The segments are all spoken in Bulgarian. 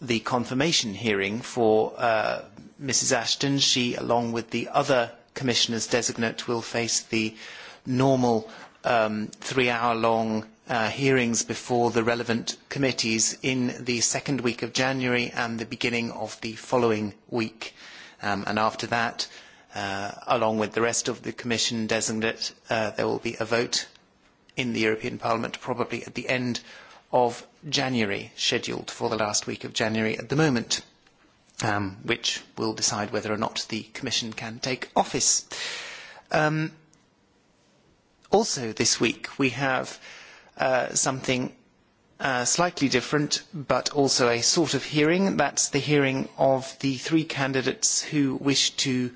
the confirmation hearing for uh, Mrs. Ashton. She, along with the other commissioners designate, will face the normal um, three-hour-long uh, hearings before the relevant committees in the second week of January and the beginning of the following week. Um, and after that, uh, along with the rest of the commission designate, uh, there will be a vote in the European Parliament, probably at the end of January, scheduled for the last week of January at the moment, um, which will decide whether or not the Commission can take office. Um, also this week we have uh, something uh, slightly different, but also a sort of hearing. That's the hearing of the three candidates who wish to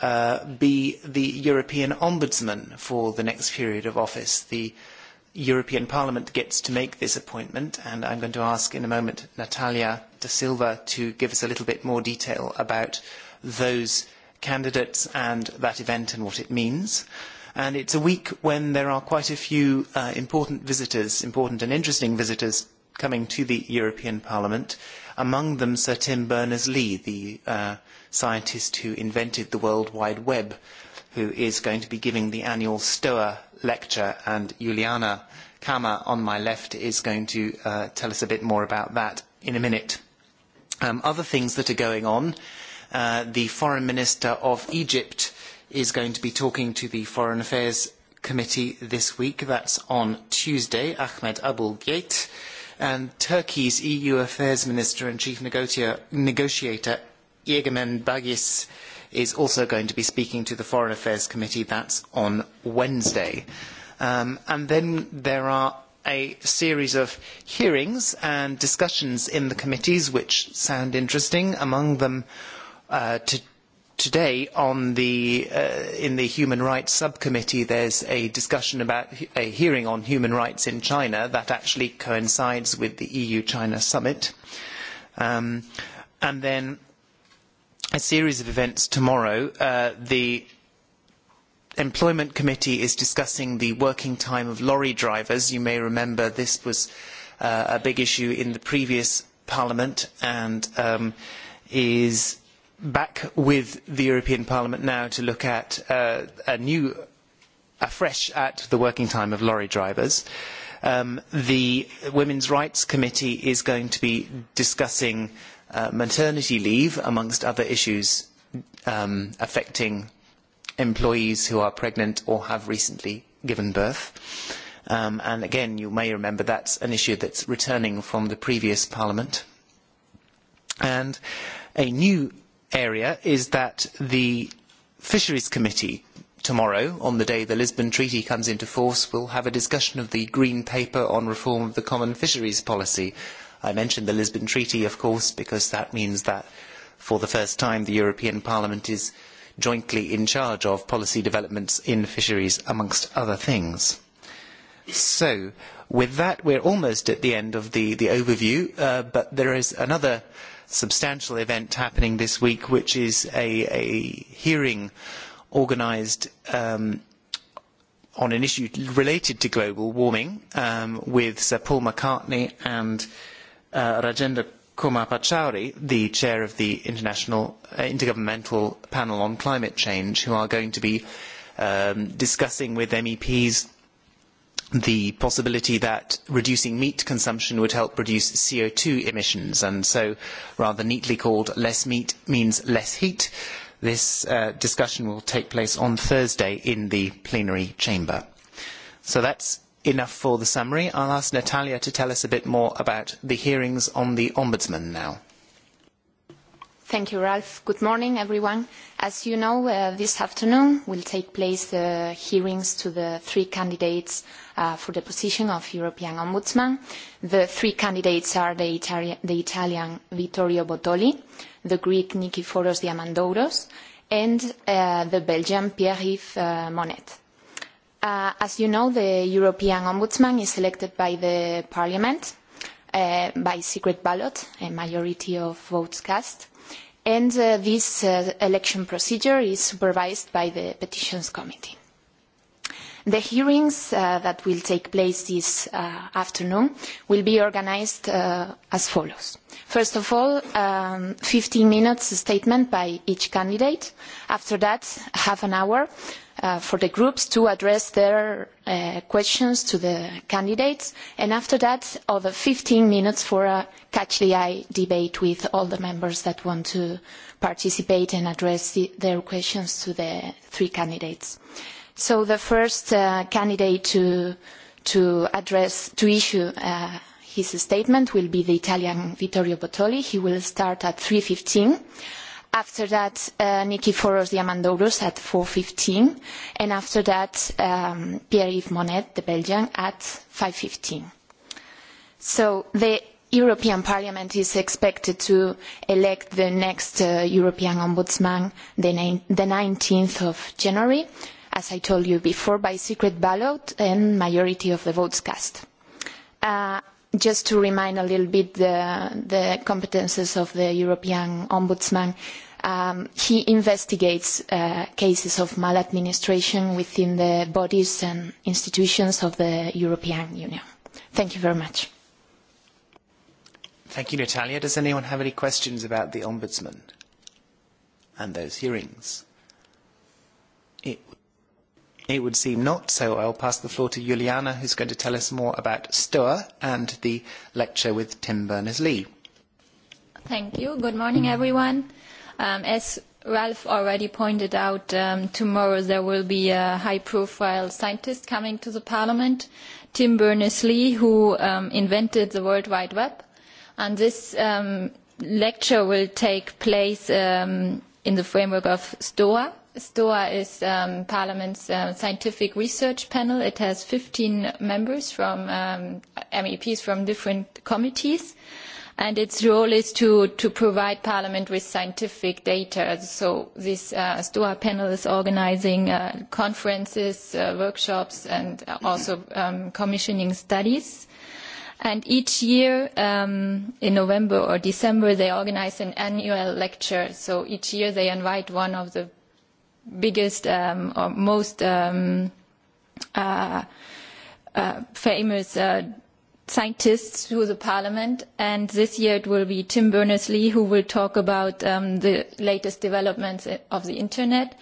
uh, be the European Ombudsman for the next period of office, the uh, European Parliament gets to make this appointment, and I'm going to ask in a moment Natalia da Silva to give us a little bit more detail about those candidates and that event and what it means. And it's a week when there are quite a few uh, important visitors, important and interesting visitors coming to the European Parliament, among them Sir Tim Berners-Lee, the uh, scientist who invented the World Wide Web, who is going to be giving the annual STOA lecture, and Juliana Kama on my left is going to uh, tell us a bit more about that in a minute. Um, other things that are going on, uh, the Foreign Minister of Egypt is going to be talking to the Foreign Affairs Committee this week. That's on Tuesday, Ahmed Abul Gate. And Turkey's EU Affairs Minister and Chief Negotiator, Yegemen Bagis is also going to be speaking to the Foreign Affairs Committee. That's on Wednesday. and then there are a series of hearings and discussions in the committees which sound interesting, among them today on the, in the Human Rights Subcommittee there's a discussion about a hearing on human rights in China that actually coincides with the EU-China Summit. and then a series of events tomorrow. Uh, the Employment Committee is discussing the working time of lorry drivers. You may remember this was uh, a big issue in the previous Parliament and um, is back with the European Parliament now to look at uh, a new, afresh at the working time of lorry drivers. Uh, the Women's Rights Committee is going to be discussing maternity leave, amongst other issues affecting employees who are pregnant or have recently given birth. and again, you may remember that's an issue that's returning from the previous parliament. And a new area is that the Fisheries Committee tomorrow, on the day the Lisbon Treaty comes into force, we'll have a discussion of the Green Paper on Reform of the Common Fisheries Policy. I mentioned the Lisbon Treaty, of course, because that means that for the first time the European Parliament is jointly in charge of policy developments in fisheries, amongst other things. So, with that, we're almost at the end of the, the overview, uh, but there is another substantial event happening this week, which is a, a hearing organised um, on an issue related to global warming um, with Sir Paul McCartney and uh, Rajendra Kumar Pachauri, the chair of the International uh, Intergovernmental Panel on Climate Change, who are going to be um, discussing with MEPs the possibility that reducing meat consumption would help reduce CO2 emissions. And so, rather neatly called, less meat means less heat This discussion will take place on Thursday in the plenary chamber. So that's enough for the summary. I'll ask Natalia to tell us a bit more about the hearings on the Ombudsman now. Thank you, Ralph. Good morning, everyone. As you know, this afternoon will take place the hearings to the three candidates for the position of European Ombudsman. The three candidates are the Italian Vittorio Bottoli, the Greek Nikiforos Diamandouros, and the Belgian Pierre-Yves Monet. As you know, the European Ombudsman is elected by the Parliament by secret ballot, a majority of votes cast and this election procedure is supervised by the Petitions Committee. The hearings that will take place this afternoon will be organised as follows. First of all, um, 15 minutes statement by each candidate. After that, half an hour for the groups to address their questions to the candidates. And after that, over fifteen minutes for a catch the eye debate with all the members that want to participate and address their questions to the three candidates. So the first candidate to, to address, to issue his statement will be the Italian Vittorio Bottoli. He will start at three fifteen After that, uh, Nikiforos Diamandouros at 4.15. And after that, um, Pierre-Yves Monet, the Belgian, at 5.15. So the European Parliament is expected to elect the next uh, European Ombudsman the, the 19th of January, as I told you before, by secret ballot and majority of the votes cast. Uh, just to remind a little bit the, the competences of the European Ombudsman, um, he investigates uh, cases of maladministration within the bodies and institutions of the European Union. Thank you very much. Thank you, Natalia. Does anyone have any questions about the Ombudsman and those hearings? It It would seem not, so I'll pass the floor to Juliana, who's going to tell us more about STOA and the lecture with Tim Berners-Lee. Thank you. Good morning, everyone. Um, as Ralph already pointed out, um, tomorrow there will be a high-profile scientist coming to the Parliament, Tim Berners-Lee, who um, invented the World Wide Web. And this um, lecture will take place um, in the framework of STOA STOA is um, Parliament's uh, scientific research panel. It has 15 members from um, MEPs from different committees. And its role is to, to provide Parliament with scientific data. So this uh, STOA panel is organizing uh, conferences, uh, workshops, and also um, commissioning studies. And each year um, in November or December, they organize an annual lecture. So each year they invite one of the biggest um, or most um, uh, uh, famous uh, scientists to the parliament and this year it will be Tim Berners-Lee who will talk about um, the latest developments of the internet.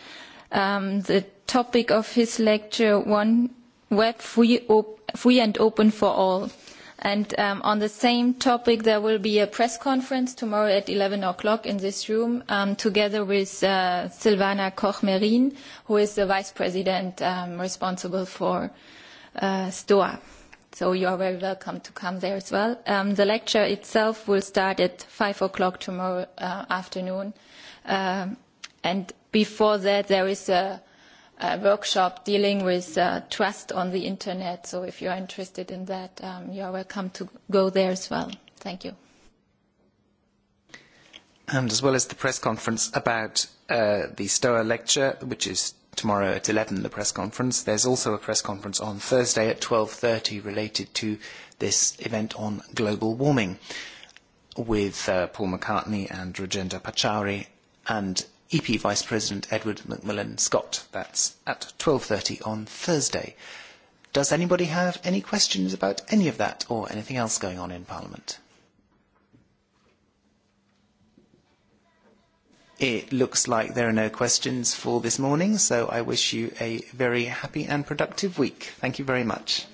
Um, the topic of his lecture, One Web Free, op- free and Open for All And um, on the same topic, there will be a press conference tomorrow at 11 o'clock in this room, um, together with uh, Silvana Koch-Merin, who is the vice president um, responsible for uh, STOA. So you are very welcome to come there as well. Um, the lecture itself will start at 5 o'clock tomorrow uh, afternoon. Um, and before that, there is a workshop dealing with trust on the internet. So if you are interested in that, you are welcome to go there as well. Thank you. And as well as the press conference about the STOA lecture, which is tomorrow at 11, the press conference, there's also a press conference on Thursday at 12.30 related to this event on global warming with Paul McCartney and Rajendra Pachauri and EP Vice President Edward McMillan Scott. That's at 12.30 on Thursday. Does anybody have any questions about any of that or anything else going on in Parliament? It looks like there are no questions for this morning, so I wish you a very happy and productive week. Thank you very much.